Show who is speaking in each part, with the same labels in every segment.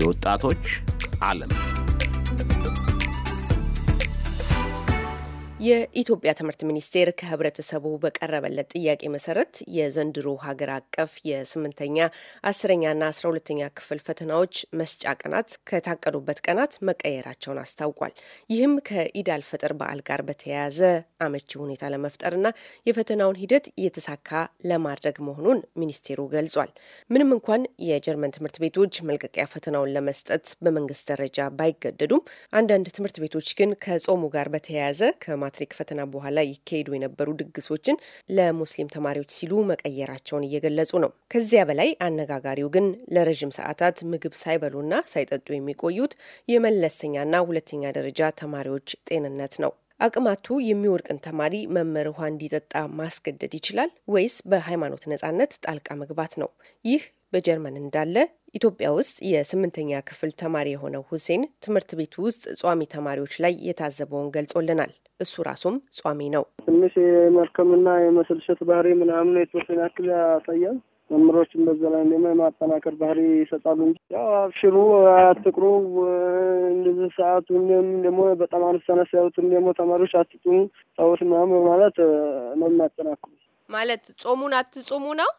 Speaker 1: የወጣቶች
Speaker 2: ዓለም
Speaker 3: የኢትዮጵያ ትምህርት ሚኒስቴር ከህብረተሰቡ በቀረበለት ጥያቄ መሰረት የዘንድሮ ሀገር አቀፍ የስምንተኛ አስረኛና አስራ ሁለተኛ ክፍል ፈተናዎች መስጫ ቀናት ከታቀዱበት ቀናት መቀየራቸውን አስታውቋል። ይህም ከኢድ አልፈጥር በዓል ጋር በተያያዘ አመቺ ሁኔታ ለመፍጠርና የፈተናውን ሂደት እየተሳካ ለማድረግ መሆኑን ሚኒስቴሩ ገልጿል። ምንም እንኳን የጀርመን ትምህርት ቤቶች መልቀቂያ ፈተናውን ለመስጠት በመንግስት ደረጃ ባይገደዱም አንዳንድ ትምህርት ቤቶች ግን ከጾሙ ጋር በተያያዘ ከማ ፓትሪክ ፈተና በኋላ ይካሄዱ የነበሩ ድግሶችን ለሙስሊም ተማሪዎች ሲሉ መቀየራቸውን እየገለጹ ነው። ከዚያ በላይ አነጋጋሪው ግን ለረዥም ሰዓታት ምግብ ሳይበሉና ሳይጠጡ የሚቆዩት የመለስተኛና ሁለተኛ ደረጃ ተማሪዎች ጤንነት ነው። አቅማቱ የሚወርቅን ተማሪ መምህር ውሃ እንዲጠጣ ማስገደድ ይችላል ወይስ በሃይማኖት ነጻነት ጣልቃ መግባት ነው? ይህ በጀርመን እንዳለ ኢትዮጵያ ውስጥ የስምንተኛ ክፍል ተማሪ የሆነው ሁሴን ትምህርት ቤት ውስጥ ጿሚ ተማሪዎች ላይ የታዘበውን ገልጾልናል። እሱ ራሱም ጿሚ ነው።
Speaker 2: ትንሽ የመርከምና የመሰልቸት ባህሪ ምናምን የተወሰነ ያክል ያሳያል። መምህሮችን በዛ ላይ ደግሞ የማጠናከር ባህሪ ይሰጣሉ እንጂ ያው አብሽሩ፣ አትቅሩ፣ እንደዚህ ሰዓቱንም ደግሞ በጣም አነሳነስ ያሉትም ደግሞ ተማሪዎች አትጡ ሰዎች ምናምን ማለት ነው የሚያጠናክሩ
Speaker 3: ማለት ጾሙን አትጹሙ ነው።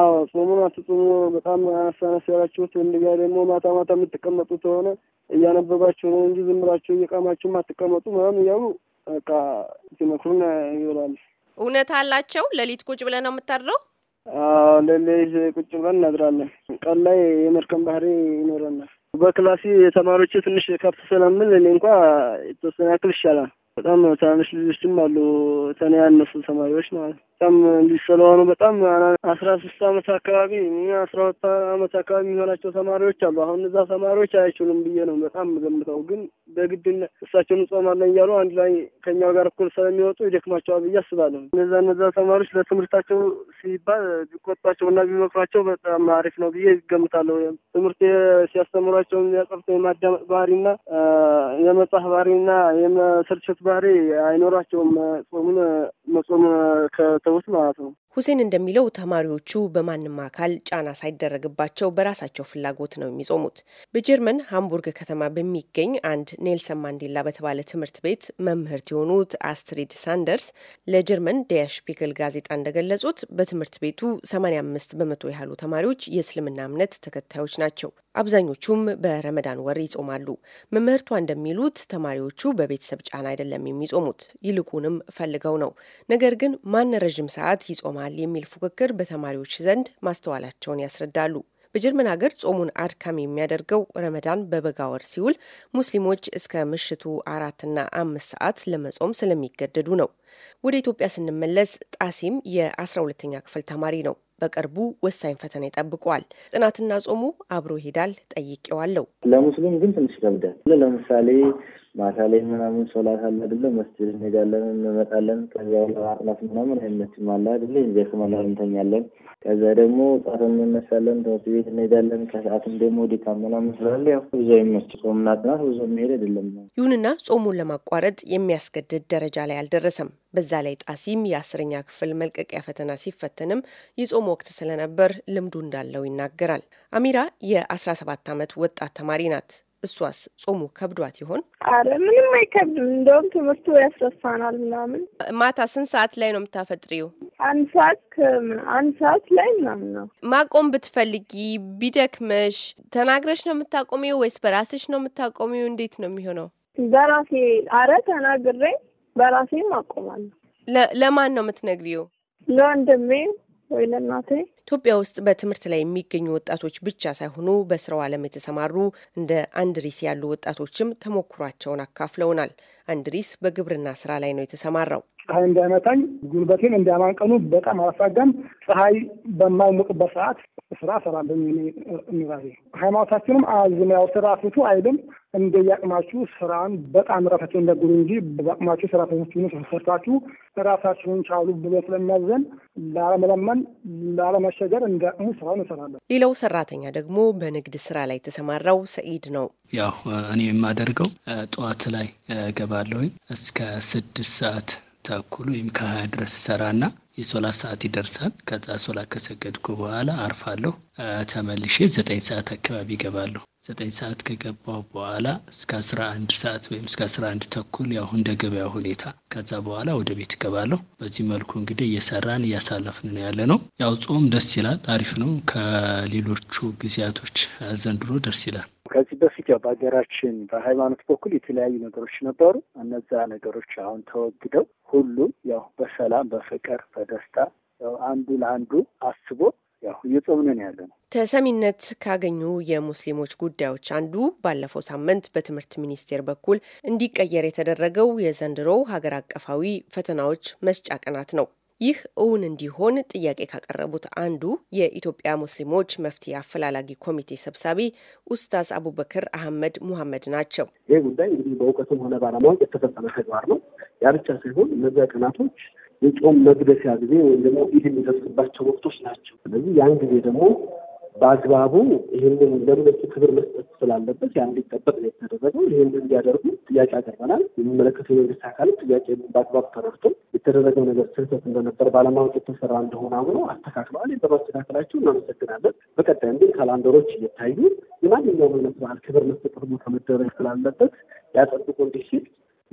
Speaker 2: አዎ ጾሙን አትጹሙ በጣም አነሳነስ ያላችሁት እንዲጋ ደግሞ ማታ ማታ የምትቀመጡ ከሆነ እያነበባችሁ ነው እንጂ ዝምራችሁ እየቃማችሁም አትቀመጡ ምናምን እያሉ በቃ ሲመክሩን ይውላል።
Speaker 3: እውነት አላቸው። ሌሊት ቁጭ ብለን ነው የምታድረው?
Speaker 2: ሌሊት ቁጭ ብለን እናድራለን። ቀን ላይ የመርከም ባህሪ ይኖረናል። በክላሲ የተማሪዎች ትንሽ ከፍ ስለምል እኔ እንኳ የተወሰነ ያክል ይሻላል በጣም ትናንሽ ልጆችም አሉ ተኔ ያነሱ ተማሪዎች ማለት ነው። በጣም እንዲሰለዋኑ በጣም አስራ ሶስት አመት አካባቢ አስራ ሁለት አመት አካባቢ የሚሆናቸው ተማሪዎች አሉ። አሁን እዛ ተማሪዎች አይችሉም ብዬ ነው በጣም ገምተው፣ ግን በግድ እሳቸውን እንጾማለን እያሉ አንድ ላይ ከኛው ጋር እኩል ስለሚወጡ ይደክማቸዋል ብዬ አስባለሁ። እነዛ እነዛ ተማሪዎች ለትምህርታቸው ሲባል ቢቆጧቸው እና ቢመክሯቸው በጣም አሪፍ ነው ብዬ ይገምታለሁ። ትምህርት ሲያስተምሯቸው የሚያጠፍተው የማዳመጥ ባህሪና የመጻፍ ባህሪና የመስርችት ባህሪ አይኖራቸውም
Speaker 3: ጾሙን መጾም ከተውት ማለት ነው። ሁሴን እንደሚለው ተማሪዎቹ በማንም አካል ጫና ሳይደረግባቸው በራሳቸው ፍላጎት ነው የሚጾሙት። በጀርመን ሃምቡርግ ከተማ በሚገኝ አንድ ኔልሰን ማንዴላ በተባለ ትምህርት ቤት መምህርት የሆኑት አስትሪድ ሳንደርስ ለጀርመን ዲያሽፒግል ጋዜጣ እንደገለጹት በትምህርት ቤቱ 85 በመቶ ያህሉ ተማሪዎች የእስልምና እምነት ተከታዮች ናቸው። አብዛኞቹም በረመዳን ወር ይጾማሉ። መምህርቷ እንደሚሉት ተማሪዎቹ በቤተሰብ ጫና አይደለም የሚጾሙት፣ ይልቁንም ፈልገው ነው። ነገር ግን ማን ረዥም ሰዓት ይጾማል ይጠቅማል የሚል ፉክክር በተማሪዎች ዘንድ ማስተዋላቸውን ያስረዳሉ። በጀርመን ሀገር ጾሙን አድካሚ የሚያደርገው ረመዳን በበጋ ወር ሲውል ሙስሊሞች እስከ ምሽቱ አራትና አምስት ሰዓት ለመጾም ስለሚገደዱ ነው። ወደ ኢትዮጵያ ስንመለስ ጣሲም የ 12 ክፍል ተማሪ ነው። በቅርቡ ወሳኝ ፈተና ይጠብቀዋል። ጥናትና ጾሙ አብሮ ይሄዳል። ጠይቄዋለሁ።
Speaker 2: ለሙስሊም ግን ትንሽ ይከብዳል። ለምሳሌ ማታ ላይ ምናምን ሶላት አለ አይደለ? መስጅድ እንሄዳለን እንመጣለን። ከዚያ አቅላፍ ምናምን አይመችም አለ አይደለ? እዚያ ከመላ እንተኛለን። ከዛ ደግሞ ጠዋት እንነሳለን፣ ትምህርት ቤት እንሄዳለን። ከሰዓትም ደግሞ ድካም ምናምን ስላለ ያው ብዙ አይመችም። ጾም ጥናት ብዙ የሚሄድ አይደለም።
Speaker 3: ይሁንና ጾሙን ለማቋረጥ የሚያስገድድ ደረጃ ላይ አልደረሰም። በዛ ላይ ጣሲም የአስረኛ ክፍል መልቀቂያ ፈተና ሲፈተንም የጾም ወቅት ስለነበር ልምዱ እንዳለው ይናገራል። አሚራ የ17 ዓመት ወጣት ተማሪ ናት። እሷስ ጾሙ ከብዷት ይሆን?
Speaker 2: አረ ምንም አይከብድም። እንደውም ትምህርቱ ያስረሳናል ምናምን።
Speaker 3: ማታ ስንት ሰዓት ላይ ነው የምታፈጥሪው? አንድ ሰዓት አንድ ሰዓት ላይ ምናምን ነው። ማቆም ብትፈልጊ ቢደክመሽ ተናግረሽ ነው የምታቆሚው ወይስ በራስሽ ነው የምታቆሚው? እንዴት ነው የሚሆነው? በራሴ አረ ተናግሬ በራሴ አቆማለሁ። ለማን ነው የምትነግሪው? ለወንድሜ ወይ ለእናቴ። ኢትዮጵያ ውስጥ በትምህርት ላይ የሚገኙ ወጣቶች ብቻ ሳይሆኑ በስራው ዓለም የተሰማሩ እንደ አንድሪስ ያሉ ወጣቶችም ተሞክሯቸውን አካፍለውናል። አንድሪስ በግብርና ስራ ላይ ነው የተሰማራው።
Speaker 2: ፀሐይ እንዳይመታኝ ጉልበቴን እንዳያማንቀኑ በጣም አላሳጋም። ፀሐይ በማይሞቅበት ሰዓት ስራ ሰራለሁ። ራሴ ሃይማኖታችንም አዝም ያው ስራ ፍቱ አይልም እንደ የአቅማችሁ ስራን በጣም ራሳቸው እንዳጎዱ እንጂ በአቅማችሁ ሰራተኞችን ሰርታችሁ ራሳቸውን ቻሉ ብሎ ስለሚያዘን ላለመለመን ላለመሸገር እንደ አቅሙ
Speaker 3: ስራውን እሰራለሁ። ሌላው ሰራተኛ ደግሞ በንግድ ስራ ላይ የተሰማራው ሰኢድ ነው። ያው
Speaker 1: እኔ የማደርገው ጠዋት ላይ ገባለሁኝ እስከ ስድስት ሰዓት ተኩል ወይም ከሀያ ድረስ ሰራና የሶላት ሰዓት ይደርሳል። ከዛ ሶላት ከሰገድኩ በኋላ አርፋለሁ። ተመልሼ ዘጠኝ ሰዓት አካባቢ ይገባለሁ። ዘጠኝ ሰዓት ከገባው በኋላ እስከ አስራ አንድ ሰዓት ወይም እስከ አስራ አንድ ተኩል ያው እንደ ገበያ ሁኔታ ከዛ በኋላ ወደ ቤት እገባለሁ። በዚህ መልኩ እንግዲህ እየሰራን እያሳለፍን ያለ ነው። ያው ጾም ደስ ይላል፣ አሪፍ ነው። ከሌሎቹ ጊዜያቶች ዘንድሮ ደስ ይላል። ከዚህ በፊት ያው በሀገራችን በሃይማኖት በኩል የተለያዩ ነገሮች ነበሩ። እነዛ ነገሮች አሁን ተወግደው ሁሉም ያው በሰላም በፍቅር በደስታ አንዱ ለአንዱ አስቦ ያው እየጾምን ያለ ነው።
Speaker 3: ተሰሚነት ካገኙ የሙስሊሞች ጉዳዮች አንዱ ባለፈው ሳምንት በትምህርት ሚኒስቴር በኩል እንዲቀየር የተደረገው የዘንድሮው ሀገር አቀፋዊ ፈተናዎች መስጫ ቀናት ነው። ይህ እውን እንዲሆን ጥያቄ ካቀረቡት አንዱ የኢትዮጵያ ሙስሊሞች መፍትሄ አፈላላጊ ኮሚቴ ሰብሳቢ ኡስታዝ አቡበክር አህመድ ሙሐመድ ናቸው።
Speaker 1: ይህ ጉዳይ እንግዲህ በእውቀትም ሆነ ባለማወቅ የተፈጸመ ተግባር ነው። ያ ብቻ ሳይሆን እነዚያ ቀናቶች የጾም መግደፊያ ጊዜ ወይም ደግሞ ኢድ የሚደርስባቸው ወቅቶች ናቸው። ስለዚህ ያን ጊዜ ደግሞ በአግባቡ ይህንን ለእምነቱ ክብር መስጠት ስላለበት ያ እንዲጠበቅ ነው የተደረገው። ይህን እንዲያደርጉ ጥያቄ አቅርበናል። የሚመለከተው የመንግስት አካል ጥያቄ በአግባቡ ተረድቶ የተደረገው ነገር ስህተት እንደነበር ባለማወቅ የተሰራ እንደሆነ አምኖ አስተካክለዋል። በማስተካከላቸው እናመሰግናለን። በቀጣይም ግን ካላንደሮች እየታዩ የማንኛውም አይነት በዓል ክብር መስጠት መደረግ ስላለበት ያጠብቁ እንዲህ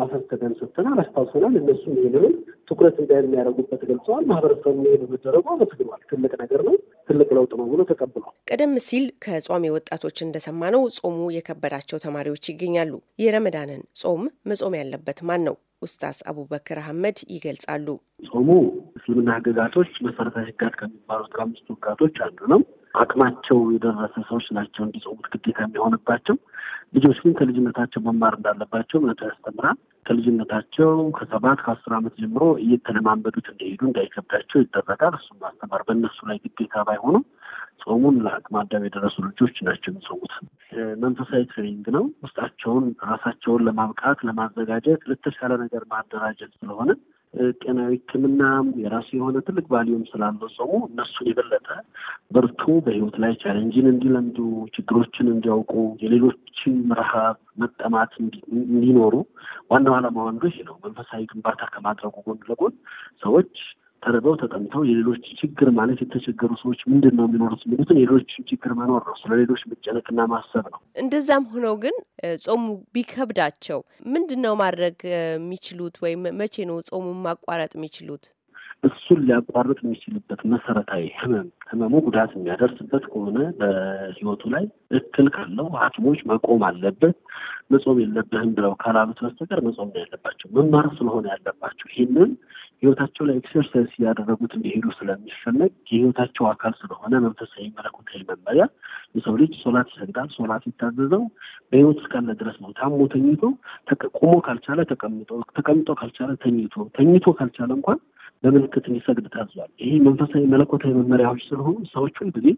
Speaker 1: ማሳሰቢያን ሰጥተናል፣ አስታውሰናል። እነሱም ይህንን ትኩረት የሚያደርጉበት ገልጸዋል። ማህበረሰቡ ይህን መደረጉ አመስግኗል። ትልቅ ነገር ነው፣ ትልቅ ለውጥ ነው ብሎ ተቀብሏል።
Speaker 3: ቀደም ሲል ከጾም ወጣቶች እንደሰማነው ጾሙ የከበዳቸው ተማሪዎች ይገኛሉ። የረመዳንን ጾም መጾም ያለበት ማን ነው? ኡስታዝ አቡበክር አህመድ ይገልጻሉ።
Speaker 1: ጾሙ እስልምና ህግጋቶች መሰረታዊ ህግጋት ከሚባሉት ከአምስቱ ህግጋቶች አንዱ ነው። አቅማቸው የደረሰ ሰዎች ናቸው እንዲጾሙት ግዴታ የሚሆንባቸው ልጆች ግን ከልጅነታቸው መማር እንዳለባቸው እምነቱ ያስተምራል። ከልጅነታቸው ከሰባት ከአስር ዓመት ጀምሮ እየተለማመዱት እንደሄዱ እንዳይከብዳቸው ይደረጋል። እሱም ማስተማር በእነሱ ላይ ግዴታ ባይሆኑም ጾሙን ለአቅመ አዳም የደረሱ ልጆች ናቸው የሚጾሙት። መንፈሳዊ ትሬኒንግ ነው። ውስጣቸውን ራሳቸውን ለማብቃት ለማዘጋጀት ለተሻለ ነገር ማደራጀት ስለሆነ ጤናዊ ሕክምናም የራሱ የሆነ ትልቅ ቫሊዩም ስላለው ጾሙ እነሱን የበለጠ በርቱ በህይወት ላይ ቻለንጅን እንዲለምዱ፣ ችግሮችን እንዲያውቁ፣ የሌሎችን ረሃብ መጠማት እንዲኖሩ ዋናው ዓላማ አንዱ ይሄ ነው። መንፈሳዊ ግንባታ ከማድረጉ ጎን ለጎን ሰዎች ተርበው ተጠምተው የሌሎች ችግር ማለት የተቸገሩ ሰዎች ምንድን ነው የሚኖሩት የሚሉትን የሌሎች ችግር መኖር ነው። ስለሌሎች መጨነቅና ማሰብ ነው።
Speaker 3: እንደዛም ሆነው ግን ጾሙ ቢከብዳቸው ምንድን ነው ማድረግ የሚችሉት? ወይም መቼ ነው ጾሙን ማቋረጥ የሚችሉት?
Speaker 1: እሱን ሊያቋርጥ የሚችልበት መሰረታዊ ህመም ህመሙ ጉዳት የሚያደርስበት ከሆነ በህይወቱ ላይ እክል ካለው ሐኪሞች መቆም አለበት። መጾም የለብህም ብለው ካላሉት በስተቀር መጾም ነው ያለባቸው። መማር ስለሆነ ያለባቸው ይህንን ህይወታቸው ላይ ኤክሰርሳይዝ እያደረጉት እንዲሄዱ ስለሚፈለግ የህይወታቸው አካል ስለሆነ መንፈሳዊ መለኮታዊ መመሪያ የሰው ልጅ ሶላት ይሰግዳል። ሶላት ይታዘዘው በህይወት እስካለ ድረስ ነው። ታሞ ተኝቶ ቆሞ ካልቻለ ተቀምጦ፣ ተቀምጦ ካልቻለ ተኝቶ፣ ተኝቶ ካልቻለ እንኳን በምልክት እንዲሰግድ ታዟል። ይሄ መንፈሳዊ መለኮታዊ መመሪያዎች ስለሆኑ ሰዎች ሁልጊዜ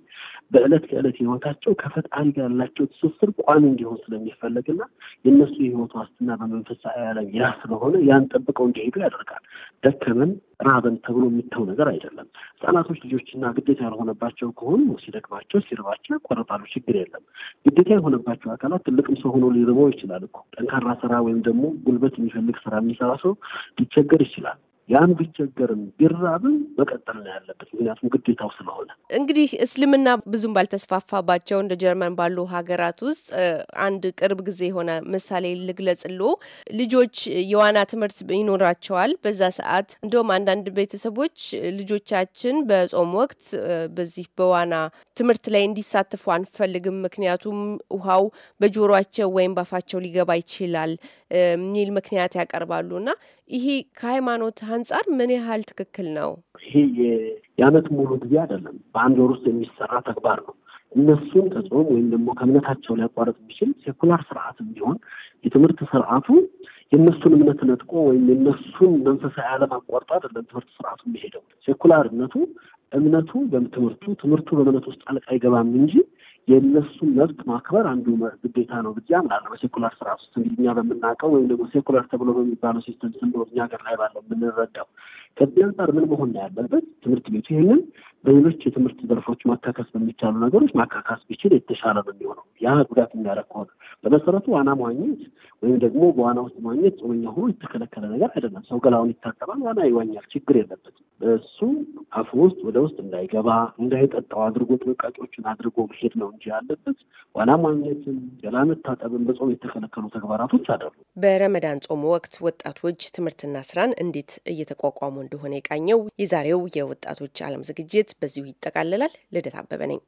Speaker 1: በዕለት ከዕለት ህይወታቸው ከፈጣሪ ጋር ያላቸው ትስስር ቋሚ እንዲሆን ስለሚፈለግና የእነሱ የህይወት ዋስትና በመንፈሳዊ ዓለም ያ ስለሆነ ያን ጠብቀው እንዲሄዱ ያደርጋል። ደከመን ራበን ተብሎ የሚተው ነገር አይደለም። ህጻናቶች ልጆችና ግዴታ ያልሆነባቸው ከሆኑ ሲደክማቸው ሲርባቸው ያቋርጣሉ፣ ችግር የለም። ግዴታ የሆነባቸው አካላት ትልቅም ሰው ሆኖ ሊርበው ይችላል እኮ። ጠንካራ ስራ ወይም ደግሞ ጉልበት የሚፈልግ ስራ የሚሰራ ሰው ሊቸገር ይችላል። ያን ቢቸገርም ቢራብም መቀጠል ነው ያለበት፣ ምክንያቱም ግዴታው ስለሆነ።
Speaker 3: እንግዲህ እስልምና ብዙም ባልተስፋፋባቸው እንደ ጀርመን ባሉ ሀገራት ውስጥ አንድ ቅርብ ጊዜ የሆነ ምሳሌ ልግለጽሎ ልጆች የዋና ትምህርት ይኖራቸዋል። በዛ ሰዓት እንደውም አንዳንድ ቤተሰቦች ልጆቻችን በጾም ወቅት በዚህ በዋና ትምህርት ላይ እንዲሳተፉ አንፈልግም፣ ምክንያቱም ውሃው በጆሯቸው ወይም ባፋቸው ሊገባ ይችላል የሚል ምክንያት ያቀርባሉ እና ይሄ ከሃይማኖት አንጻር ምን ያህል ትክክል ነው?
Speaker 1: ይሄ የአመት ሙሉ ጊዜ አይደለም፣ በአንድ ወር ውስጥ የሚሰራ ተግባር ነው። እነሱን ከጾም ወይም ደግሞ ከእምነታቸው ሊያቋረጥ የሚችል ሴኩላር ስርዓት ቢሆን የትምህርት ስርዓቱ የእነሱን እምነት ነጥቆ ወይም የእነሱን መንፈሳዊ ዓለም አቋርጦ አይደለም ትምህርት ስርዓቱ የሚሄደው። ሴኩላርነቱ እምነቱ በትምህርቱ፣ ትምህርቱ በእምነት ውስጥ ጣልቃ አይገባም እንጂ የእነሱን መብት ማክበር አንዱ ግዴታ ነው ብዬ አምናለሁ። በሴኩላር ስራ ውስጥ እንግዲህ እኛ በምናውቀው ወይም ደግሞ ሴኩላር ተብሎ በሚባለው ሲስተም ስም እኛ ሀገር ላይ ባለው የምንረዳው። ከዚህ አንጻር ምን መሆን ያለበት? ትምህርት ቤቱ ይህንን በሌሎች የትምህርት ዘርፎች ማካከስ በሚቻሉ ነገሮች ማካካስ ቢችል የተሻለ ነው የሚሆነው። ያ ጉዳት የሚያደርግ ከሆነ በመሰረቱ ዋና መዋኘት ወይም ደግሞ በዋና ውስጥ መዋኘት ጥሩኛ ሆኖ የተከለከለ ነገር አይደለም። ሰው ገላውን ይታጠባል፣ ዋና ይዋኛል፣ ችግር የለበትም። እሱ አፉ ውስጥ ወደ ውስጥ እንዳይገባ እንዳይጠጣው አድርጎ ጥንቃቄዎችን አድርጎ መሄድ ነው እንጂ ያለበት ዋና ማግኘትን፣ ገላ መታጠብን በጾም የተከለከሉ ተግባራቶች አደሉ።
Speaker 3: በረመዳን ጾም ወቅት ወጣቶች ትምህርትና ስራን እንዴት እየተቋቋሙ እንደሆነ የቃኘው የዛሬው የወጣቶች ዓለም ዝግጅት በዚሁ ይጠቃልላል። ልደት አበበ ነኝ።